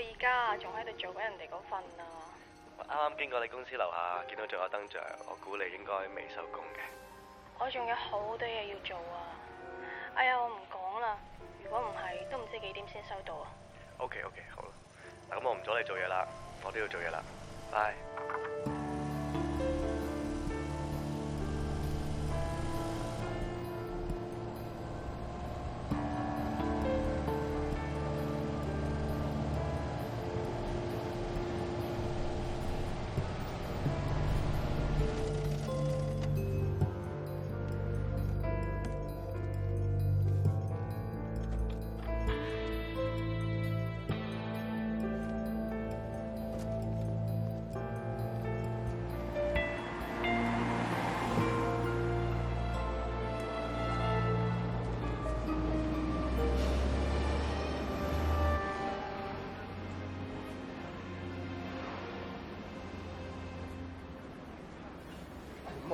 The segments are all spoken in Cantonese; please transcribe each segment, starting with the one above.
我而家仲喺度做緊人哋嗰份啊！啱啱經過你公司樓下，見到仲有燈著，我估你應該未收工嘅。我仲有好多嘢要做啊！哎呀，我唔講啦。如果唔係，都唔知幾點先收到啊！OK OK，好啦，嗱咁我唔阻你做嘢啦，我都要做嘢啦，拜拜。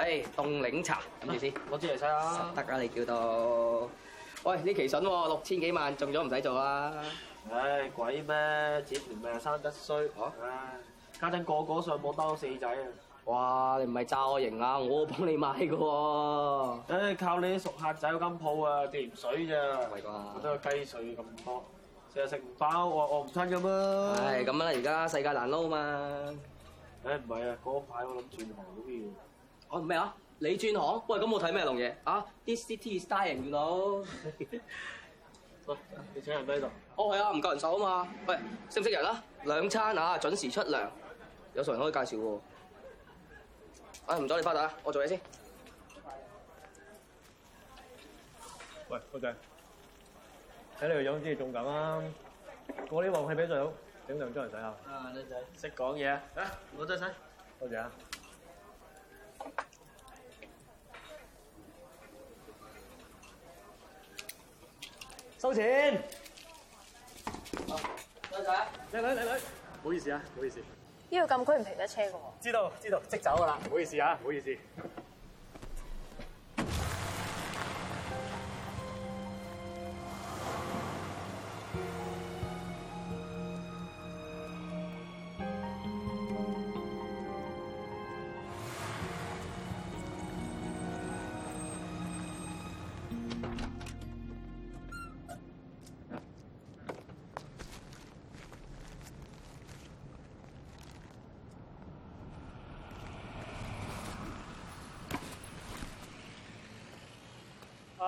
哎，凍檸茶諗住先，我支嚟晒啦，得啊你叫到，喂呢期筍六千幾萬中咗唔使做啊！哎鬼咩，子孫命生得衰，吓！唉，家陣個個上網兜四仔啊！哇，你唔係詐我型啊？我幫你買㗎喎！唉，靠你熟客仔嗰間鋪啊，掂水咋？唔係啩？得個雞碎咁多，成日食唔飽，餓餓唔親咁咯。唉，咁啦，而家世界難撈嘛。唉，唔係啊，嗰排我諗轉行嗰啲嘢。哦，咩啊？你轉行？喂，咁我睇咩龍嘢？啊啲 City Star 人員喂，你請人喺度。哦，係啊，唔夠人手啊嘛。喂，識唔識人啊？兩餐啊，準時出糧，有熟人可以介紹喎。哎，唔阻你返嚟啊，我做嘢先。喂，多謝。睇你個樣知你仲咁啊！我呢鑊比較好，整兩張嚟使下。啊，靚仔。識講嘢啊？啊，我再洗。多謝啊！收錢，靚仔，靚女，靚女，唔好意思啊，唔好意思。呢度禁區唔停得車嘅喎。知道知道，即走㗎喇。唔好意思啊，唔好意思。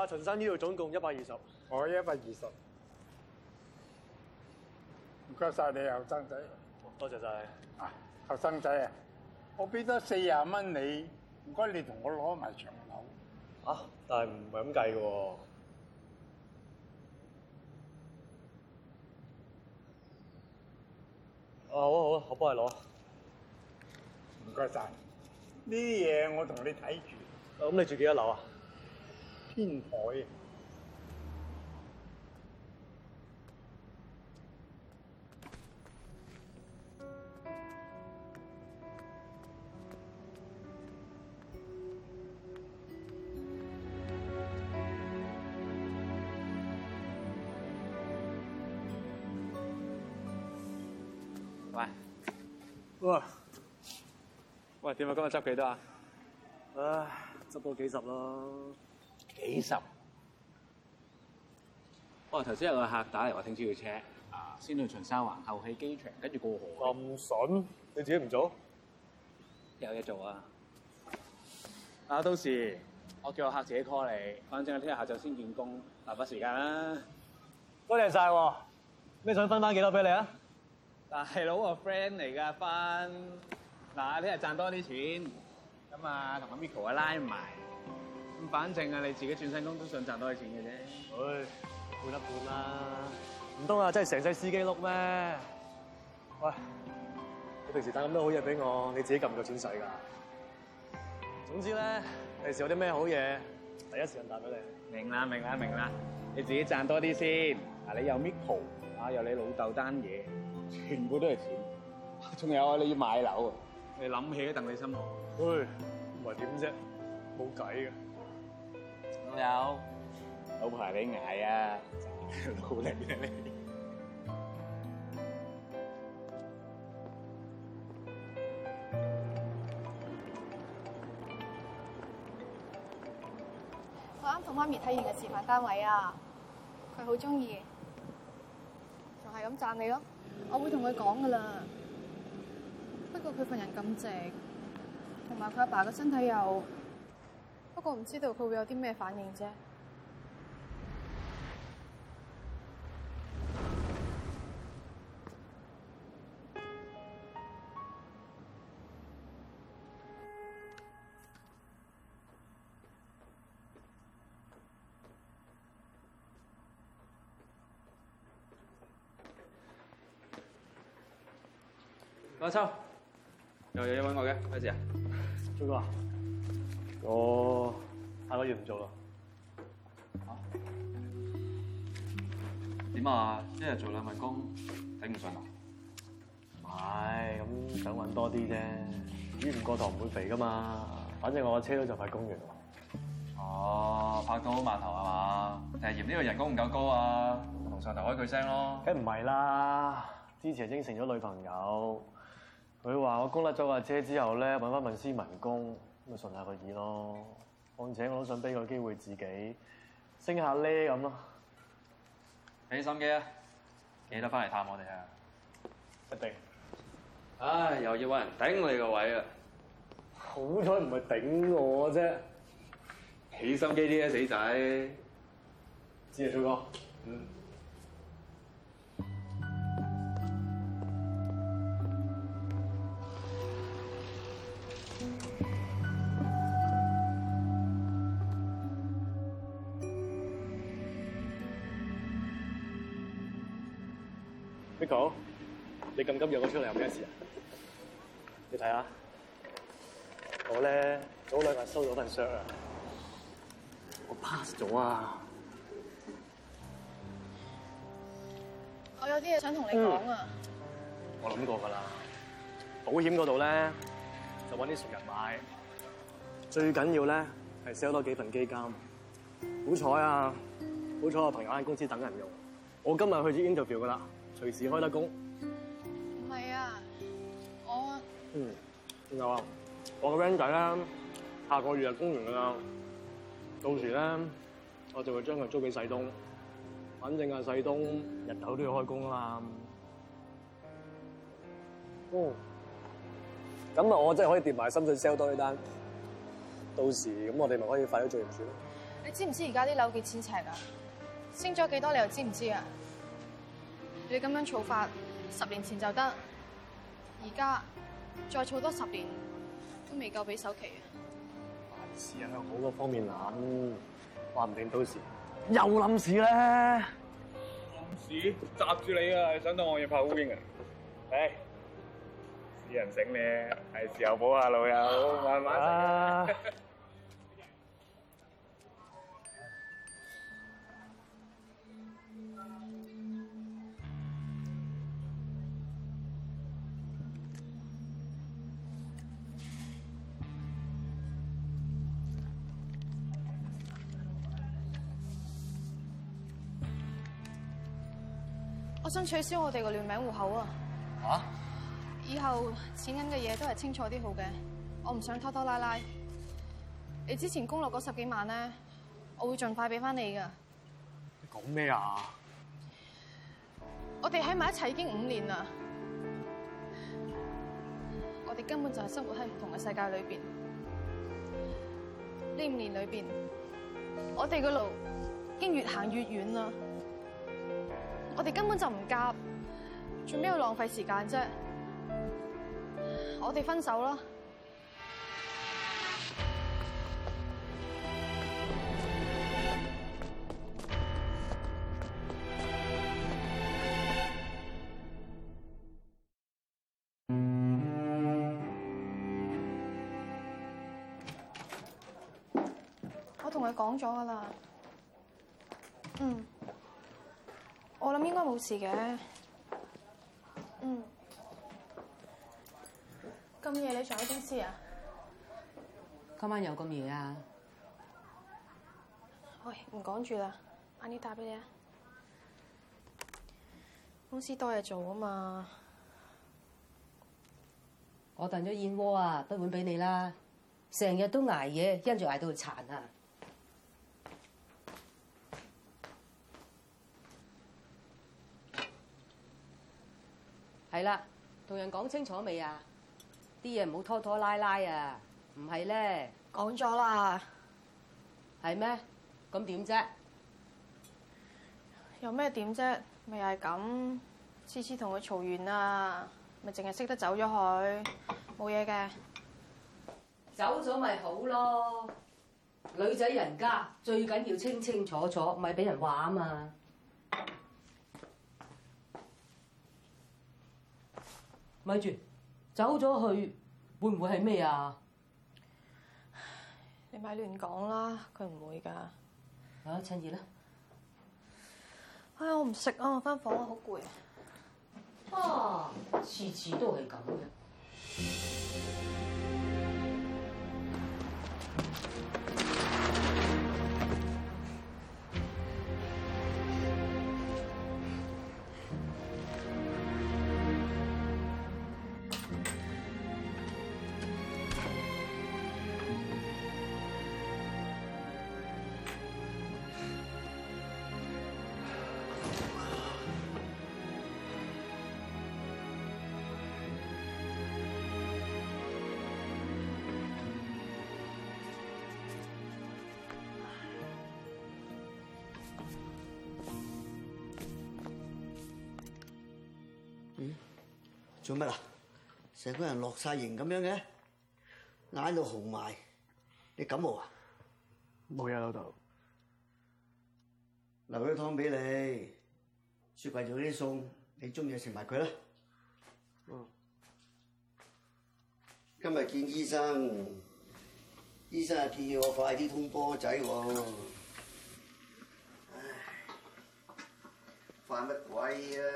阿秦生呢度總共一百二十，我一百二十。唔該晒你後生仔，多謝晒。後生仔啊，我俾咗四十蚊你，唔該你同我攞埋上樓。啊，但係唔係咁計嘅喎。哦、啊，好，好，我幫你攞。唔該晒，呢啲嘢我同你睇住。咁你住幾多樓啊？天台。喂。哇。喂，點啊？今日執幾多啊？唉，執多幾十咯。幾十？哇、哦！頭先有個客打嚟話聽朝要車啊，先去長沙灣，後去機場，跟住過河。咁筍？你自己唔做？有嘢做啊！啊，到時我叫個客自己 call 你，反正我聽日下晝先見工，留返時間啦。多謝晒喎！咩想分你翻幾多俾你啊？大佬，我個 friend 嚟㗎，分嗱啲係賺多啲錢，咁啊，同阿 Miko 啊拉埋。反正啊，你自己轉新工都想賺多啲錢嘅啫。唉，搏得搏啦。唔通啊，真係成世司機碌咩？喂，你平時帶咁多好嘢俾我，你自己撳唔夠錢使㗎。總之咧，第時有啲咩好嘢，第一時間帶俾你。明啦，明啦，明啦。你自己賺多啲先。嗱，你有 Miko，啊，有你老豆單嘢，全部都係錢。仲有啊，你要買樓啊？你諗起啊，一定會心痛。唉，唔係點啫？冇計嘅。我又，我、no. 你害啊！ 我啱同媽咪睇完嘅示範單位啊，佢好中意，就係咁讚你咯。 我會同佢講噶啦，不過佢份人咁直，同埋佢阿爸個身體又。不過唔知道佢會有啲咩反應啫。阿秋，有有有揾我嘅，咩事啊？朱哥。哦，下個月要唔做啦、 啊？點啊？一日做兩份工頂唔順？唔係、啊，咁想揾多啲啫。于唔過堂唔會肥噶嘛？反正我車都就快供完。哦、啊，拍到好碼頭係嘛？定係嫌呢個人工唔夠高啊？同上頭開句聲咯。梗唔係啦，之前應承咗女朋友，佢話我供甩咗架車之後咧，搵翻份斯文工。咁咪順下個耳咯，況且我都想俾個機會自己升下呢咁咯。起心機啊！記得翻嚟探我哋啊！一定。唉，又要揾人頂你個位啊！好彩唔係頂我啫。起心機啲啊，死仔！知呀秋哥。嗯。你咁急約我出嚟有咩事啊？你睇下我咧，早兩日收咗份 share 啊，我 pass 咗啊。我有啲嘢想同你講啊。我諗過噶啦，保險嗰度咧就揾啲熟人買，最緊要咧係 sell 多幾份基金。好彩啊，好彩我朋友喺公司等人用。我今日去咗 interview 噶啦，隨時開得工，嗯。嗯，有啊，我個 friend 仔啦。下個月就供完噶啦，到時咧我就會將佢租俾細東，反正啊，細東日頭都要開工啦。嗯、哦，咁啊，我真係可以疊埋深圳 sell 多啲單，到時咁我哋咪可以快咗做住住咯。你知唔知而家啲樓幾千尺啊？升咗幾多你又知唔知啊？你咁樣炒法十年前就得，而家。再儲多十年都未夠俾首期啊！凡事向好多方面諗，話唔定到時又冧市咧。冧市砸住你啊！想到我要拍烏蠅啊！唉，是人醒咧，係時候補啊老友，慢慢啊。我想取消我哋個聯名戶口啊！啊！以後錢銀嘅嘢都係清楚啲好嘅，我唔想拖拖拉拉。你之前供落嗰十幾萬咧，我會盡快俾翻你噶。你講咩啊？我哋喺埋一齊已經五年啦，我哋根本就係生活喺唔同嘅世界裏邊。呢五年裏邊，我哋嘅路已經越行越遠啦。我哋根本就唔夾，做咩要浪費時間啫？我哋分手啦！ 我同佢講咗噶啦，嗯。我諗應該冇事嘅，嗯，咁夜你仲喺公司啊？今晚又咁夜啊？喂、哎，唔講住啦，阿妮打俾你啊！公司多嘢做啊嘛，我訂咗燕窩啊，不滿俾你啦，成日都挨夜，一住挨到殘啊！係啦，同人講清楚未啊？啲嘢唔好拖拖拉拉啊！唔係咧，講咗啦，係咩？咁點啫？有咩點啫？咪又係咁，次次同佢嘈完啦，咪淨係識得走咗佢，冇嘢嘅，走咗咪好咯。女仔人家最緊要清清楚楚，咪俾人話啊嘛。咪住，走咗去，會唔會係咩啊？你咪亂講啦，佢唔會噶。啊，趁熱啦。哎呀，我唔食啊，我翻房啊，好攰。啊！次次都係咁嘅。做乜啊？成個人落曬型咁樣嘅，眼都紅埋。你感冒啊？冇啊，老豆。留咗湯俾你，雪櫃做啲餸，你中意食埋佢啦。哦。今日見醫生，醫生啊建議我快啲通波仔喎。唉，煩乜鬼啊！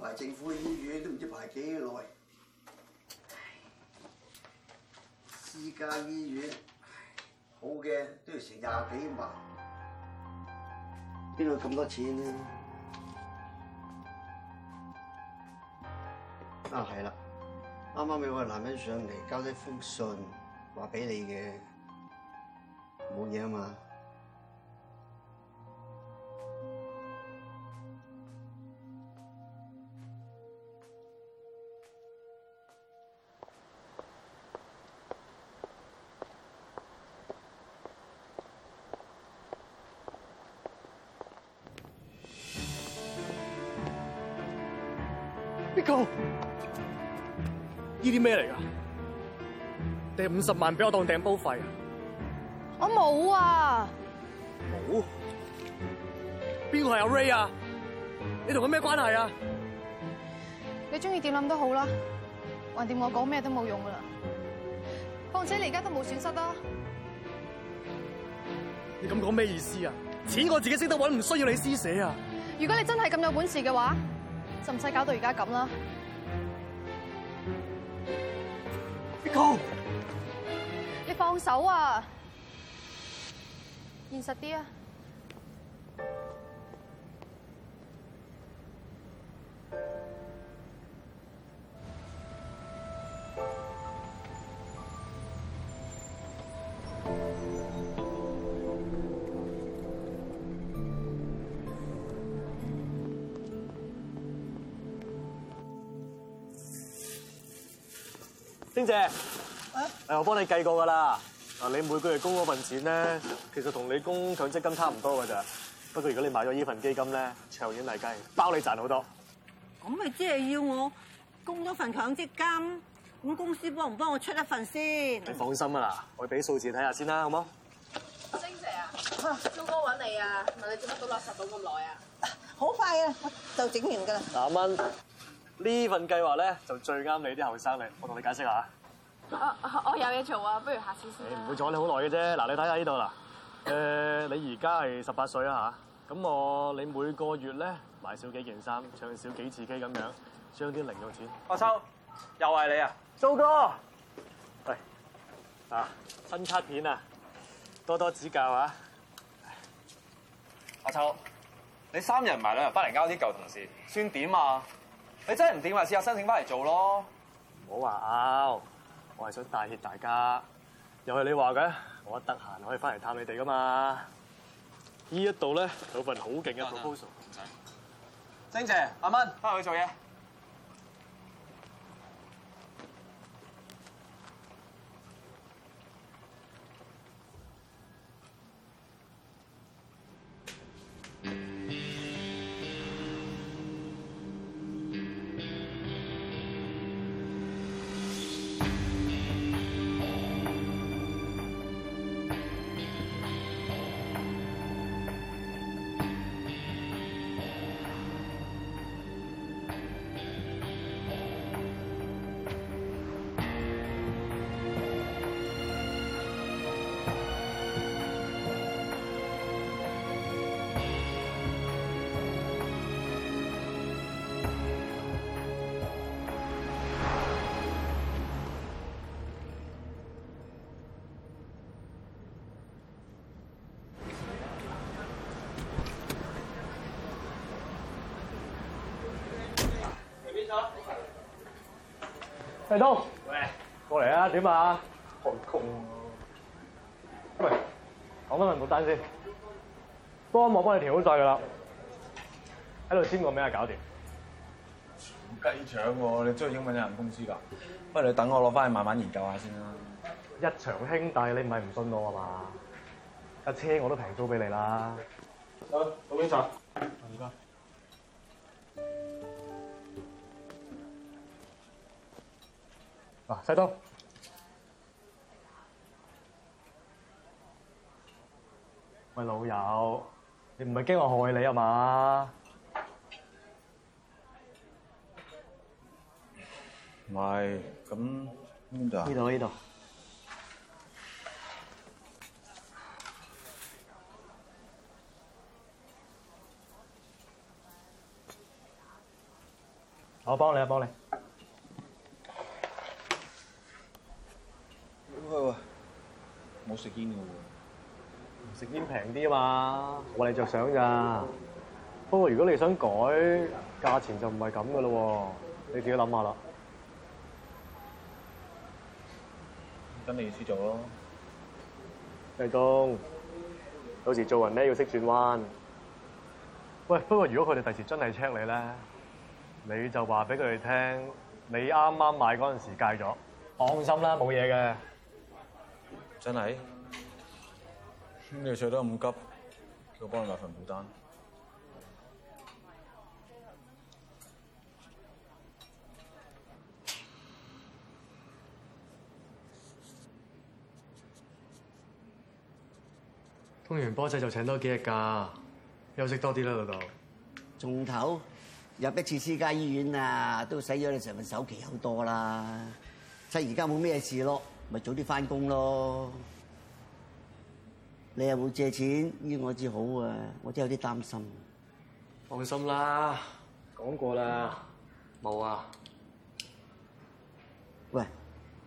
排政府醫院都唔知排幾耐，私家醫院好嘅都要成廿幾萬，邊度咁多錢啊？啊，係啦，啱啱有個男人上嚟交咗封信，話俾你嘅，冇嘢啊嘛。呢啲咩嚟噶？你五十萬俾我當訂煲費？我冇啊！冇？邊個係阿 Ray 啊？你同佢咩關係啊？你中意點諗都好啦，橫掂我講咩都冇用噶啦。況且你而家都冇損失啦。你咁講咩意思啊？錢我自己識得搵，唔需要你施捨啊！如果你真係咁有本事嘅話就唔使搞到而家咁啦！你講誰，你放手啊！現實啲啊！星姐，誒，我幫你計過噶啦，啊，你每個月供嗰份錢咧，其實同你供強積金差唔多噶咋，不過如果你買咗呢份基金咧，長遠嚟計，包你賺好多。咁咪即係要我供多份強積金，咁公司幫唔幫我出一份先？你放心啊啦，我俾數字睇下先啦，好唔好？星姐啊，超哥揾你啊，問你做乜到垃圾到咁耐啊？好快啊，我就整完噶啦。嗱，廿蚊。呢份計劃咧就最啱你啲後生嚟，我同你解釋下我我。我有嘢做啊，不如下次先。你唔會阻你好耐嘅啫。嗱、呃，你睇下呢度啦。誒、啊，你而家係十八歲啊吓？咁我你每個月咧買少幾件衫，唱少幾次 K 咁樣，將啲零用錢。阿秋。丑，嗯、又係你啊，蘇哥。喂，啊，新卡片啊，多多指教啊。阿秋，你三日唔埋兩日翻嚟交啲舊同事，算點啊？你真係唔掂，咪試下申請翻嚟做咯。唔好話拗，我係想帶挈大家。又係你話嘅，我一得閒可以翻嚟探你哋噶嘛。呢一度咧有份好勁嘅 proposal。唔使、嗯，嗯嗯嗯嗯、晶姐，阿蚊，翻去做嘢。細東，喂，過嚟啊，點啊？開工喂，唔係，講翻份名單先，幫我幫你調好晒噶啦，喺度簽個名啊，搞掂。全雞腸喎！你中意英文有人公司噶，不過你等我攞翻去慢慢研究下先啦。一場兄弟，你唔係唔信我啊嘛？架車我都平租俾你啦。好，我檢查。嗱，細東，喂老友，你唔係驚我害你啊嘛？唔係，咁邊度？呢度呢度。我幫你啊，幫你。唔會冇食煙嘅喎，食煙平啲啊嘛，我嚟著想咋。不過如果你想改價錢，就唔係咁嘅咯喎，你自己諗下啦。咁你輸咗咯，細東，到時做人咧要識轉彎。喂，不過如果佢哋第時真係 check 你咧，你就話俾佢哋聽，你啱啱買嗰陣時戒咗。放心啦，冇嘢嘅。真係，咁你著得咁急，幫我幫你買份保單。通完波仔就請多幾日假，休息多啲啦，老豆。重頭入一次私家醫院啊，都使咗你成份首期好多啦。趁而家冇咩事咯。咪早啲翻工咯！你又冇借錢醫我至好啊！我真有啲擔心。放心啦，講過啦，冇啊！喂，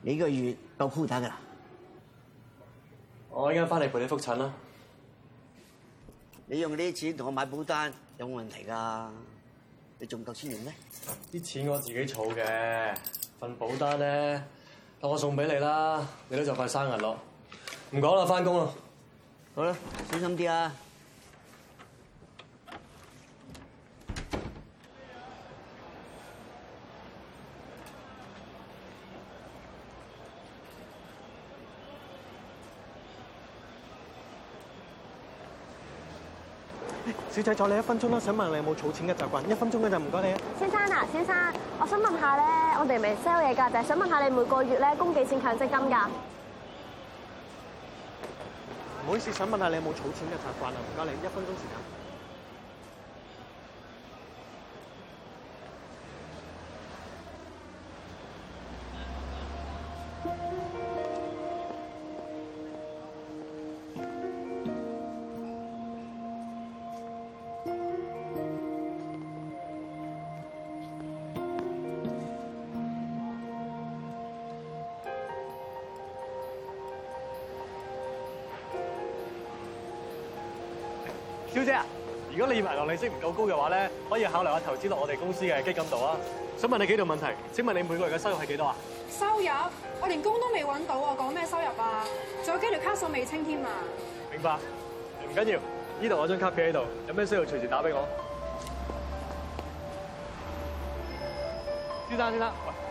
你個月夠鋪打㗎啦！我依家翻嚟陪你復診啦。你用呢啲錢同我買保單有冇問題㗎？你仲夠錢用咩？啲錢我自己儲嘅，份保單咧。我送俾你啦，你都就快生日咯，唔講啦，返工啦，好啦，小心啲啊！小姐，阻你一分鐘啦，想問你有冇儲錢嘅習慣？一分鐘嘅就唔該你啊，先生嗱、啊，先生，我想問下咧，我哋未 sell 嘢噶，就係想問下你每個月咧供幾錢強積金㗎？唔好意思，想問下你有冇儲錢嘅習慣啊？唔該你一分鐘時間。小姐啊，如果你認為利息唔夠高嘅話咧，可以考慮下投資落我哋公司嘅基金度啊。想問你幾條問題？請問你每個月嘅收入係幾多啊？收入？我連工都未揾到啊，講咩收入啊？仲有幾條卡數未清添啊？明白，唔緊要，呢度我張卡片喺度，有咩需要隨時打俾我。先生，先生。喂